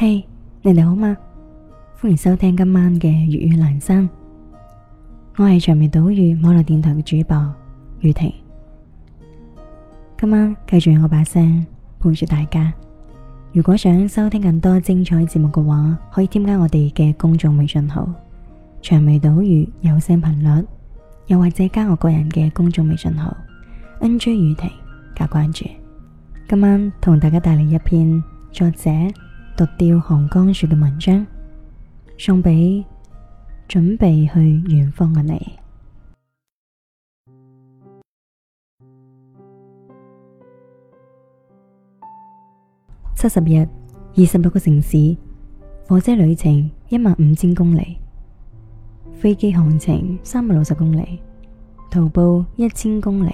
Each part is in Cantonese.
嘿，hey, 你哋好嗎？歡迎收聽今晚嘅粵語蘭山，我係長尾島嶼網絡電台嘅主播雨婷。今晚繼續用我把聲陪住大家。如果想收聽更多精彩節目嘅話，可以添加我哋嘅公眾微信號長尾島嶼有聲頻率，又或者加我個人嘅公眾微信號 N J 雨婷加關注。今晚同大家帶嚟一篇作者。讀掉寒江雪嘅文章，送俾準備去遠方嘅你。七十日，二十六個城市，火車旅程，一萬五千公里，飛機航程三千六百公里，徒步一千公里，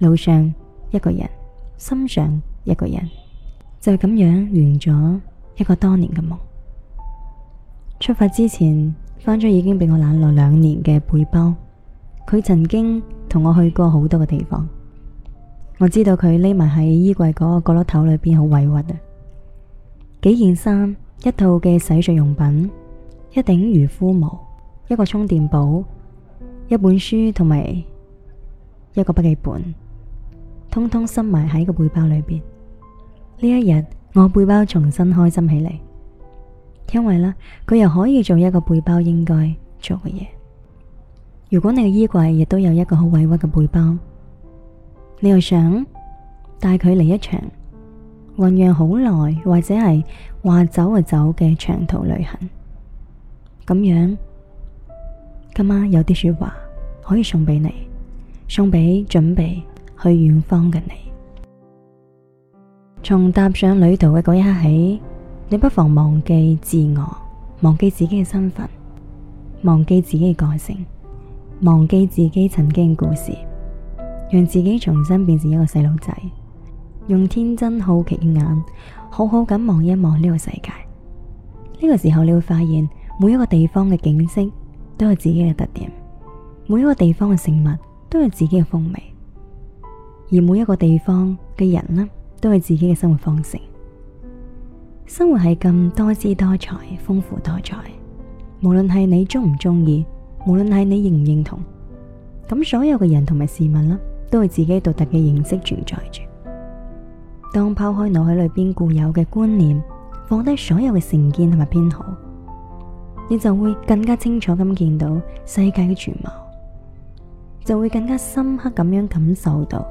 路上一個人，心上一個人，就咁樣圓咗。一個多年嘅夢，出發之前翻咗已經俾我冷落兩年嘅背包。佢曾經同我去過好多嘅地方，我知道佢匿埋喺衣櫃嗰個角落頭裏邊好委屈啊！幾件衫，一套嘅洗漱用品，一頂漁夫帽，一個充電寶，一本書同埋一個筆記本，通通塞埋喺個背包裏邊。呢一日。我背包重新開心起嚟，因為呢，佢又可以做一個背包應該做嘅嘢。如果你嘅衣櫃亦都有一個好委屈嘅背包，你又想帶佢嚟一場醞釀好耐或者係話走就走嘅長途旅行，咁樣，今晚有啲說話可以送俾你，送俾準備去遠方嘅你。從踏上旅途嘅嗰一刻起，你不妨忘記自我，忘記自己嘅身份，忘記自己嘅個性，忘記自己曾經嘅故事，讓自己重新變成一個細路仔，用天真好奇嘅眼，好好咁望一望呢個世界。呢個時候你會發現，每一個地方嘅景色都有自己嘅特點，每一個地方嘅食物都有自己嘅風味，而每一個地方嘅人呢？都係自己嘅生活方式。生活係咁多姿多彩、豐富多彩。無論係你中唔中意，無論係你認唔認同，咁所有嘅人同埋事物啦，都係自己獨特嘅形式存在住。當拋開腦海裏邊固有嘅觀念，放低所有嘅成見同埋偏好，你就會更加清楚咁見到世界嘅全貌，就會更加深刻咁樣感受到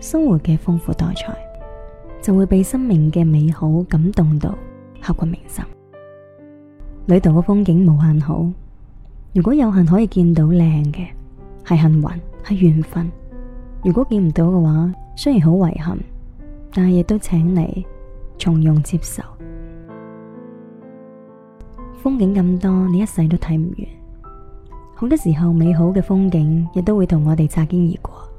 生活嘅豐富多彩。就會被生命嘅美好感動到刻骨銘心。旅途嘅風景無限好，如果有幸可以見到靚嘅，係幸運，係緣分；如果見唔到嘅話，雖然好遺憾，但係亦都請你從容接受。風景咁多，你一世都睇唔完。好多時候，美好嘅風景亦都會同我哋擦肩而過。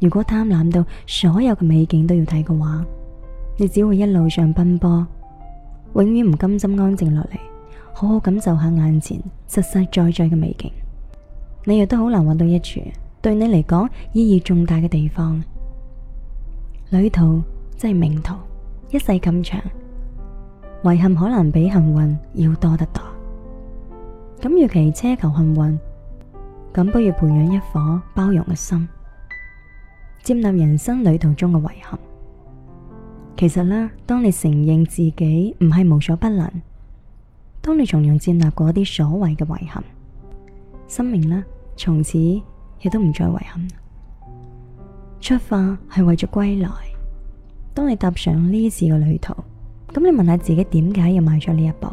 如果貪婪到所有嘅美景都要睇嘅話，你只會一路上奔波，永遠唔甘心安靜落嚟，好好感受下眼前實實在在嘅美景。你亦都好難揾到一處對你嚟講意義重大嘅地方。旅途真係命途，一世咁長，遺憾可能比幸運要多得多。咁，與其奢求幸運，咁不如培養一顆包容嘅心。接納人生旅途中嘅遺憾，其實呢，當你承認自己唔係無所不能，當你從容接納嗰啲所謂嘅遺憾，生命呢，從此亦都唔再遺憾。出發係為咗歸來，當你踏上呢次嘅旅途，咁你問下自己點解要邁出呢一步，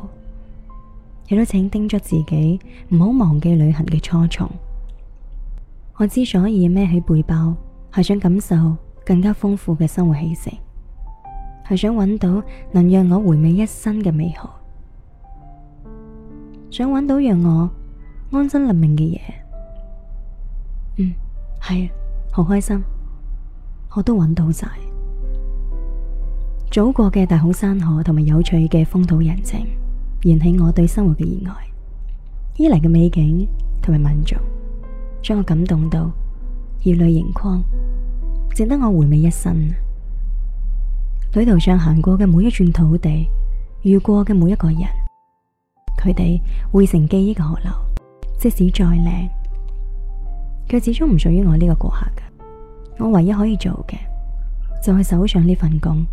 亦都請叮囑自己唔好忘記旅行嘅初衷。我之所以孭起背包，係想感受更加豐富嘅生活氣息，係想搵到能讓我回味一生嘅美好，想搵到讓我安身立命嘅嘢。嗯，係、啊，好開心，我都搵到晒祖國嘅大好山河同埋有趣嘅風土人情，燃起我對生活嘅熱愛。伊犁嘅美景同埋民俗，將我感動到熱淚盈眶。值得我回味一生。旅途上行過嘅每一寸土地，遇過嘅每一個人，佢哋匯成記憶嘅河流，即使再靚，卻始終唔屬於我呢個過客嘅。我唯一可以做嘅，就係手上呢份工，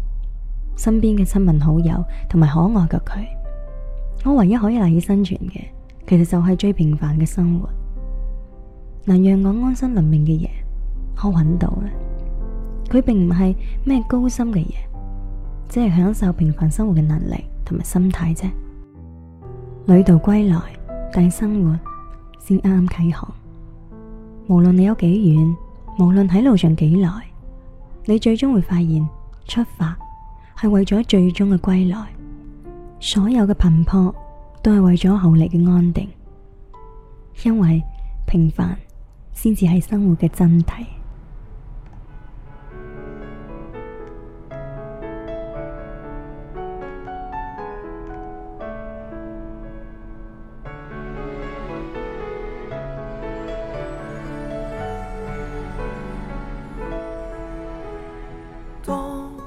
身邊嘅親朋好友同埋可愛嘅佢。我唯一可以賴以生存嘅，其實就係最平凡嘅生活，能讓我安身立命嘅嘢，可揾到啦。佢並唔係咩高深嘅嘢，只係享受平凡生活嘅能力同埋心態啫。旅途歸來，但係生活先啱啱啟航。無論你有幾遠，無論喺路上幾耐，你最終會發現，出發係為咗最終嘅歸來。所有嘅頻撲都係為咗後嚟嘅安定，因為平凡先至係生活嘅真諦。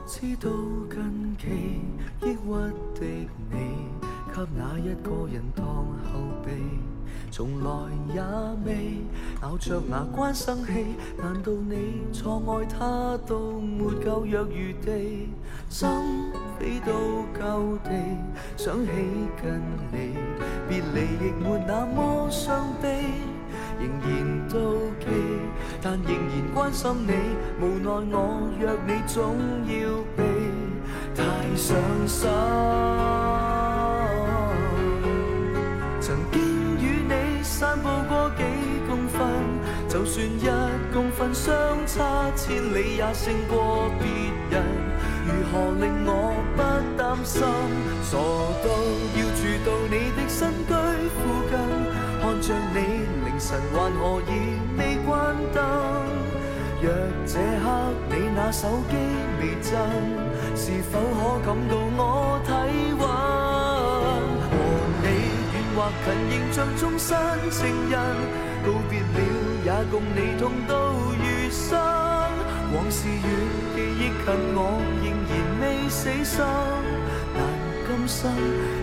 知道近期抑鬱的你，給哪一個人當後備？從來也未咬着牙關生氣，難道你錯愛他到沒夠約餘地？心飛到舊地，想起跟你別離亦沒那麼傷悲，仍然妒忌，但仍然關心你，無奈我約你總要避太傷心。就算一公分相差千里，也勝過別人。如何令我不擔心？傻到要住到你的新居附近，看着你凌晨還何以未關燈？若這刻你那手機未震，是否可感到我體溫？或近仍像終生情人，告別了也共你痛到餘生。往事遠記憶近，我仍然未死心，但今生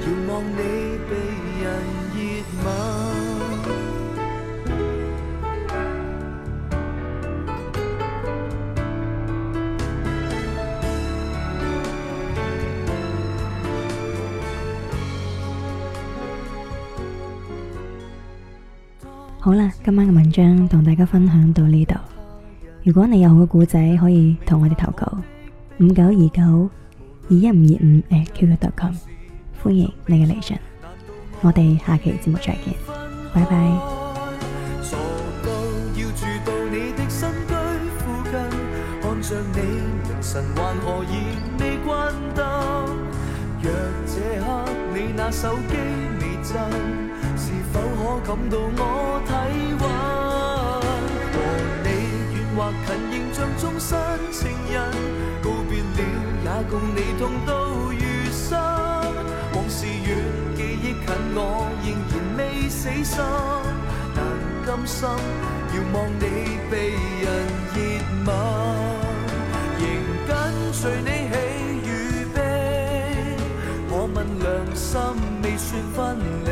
遙望你被人熱吻。好啦，今晚嘅文章同大家分享到呢度。如果你有好嘅故仔，可以同我哋投稿五九二九二一五二五誒，qq.com，歡迎你嘅嚟信。我哋下期節目再見，拜拜。傻到要住到你新居附近，看着你凌晨還何以未關燈？若這刻你那手機未震。是否可感到我體温？和你遠或近，仍像終身情人。告別了，也共你痛到餘生。往事遠，記憶近，我仍然未死心。但甘心，遙望你被人熱吻，仍跟隨你喜與悲。我問良心，未算分離。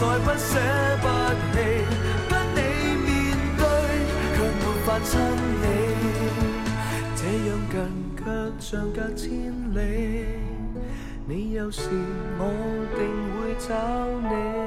再不捨不棄，跟你面對，卻沒法親你。這樣近卻像隔千里。你有事，我定會找你。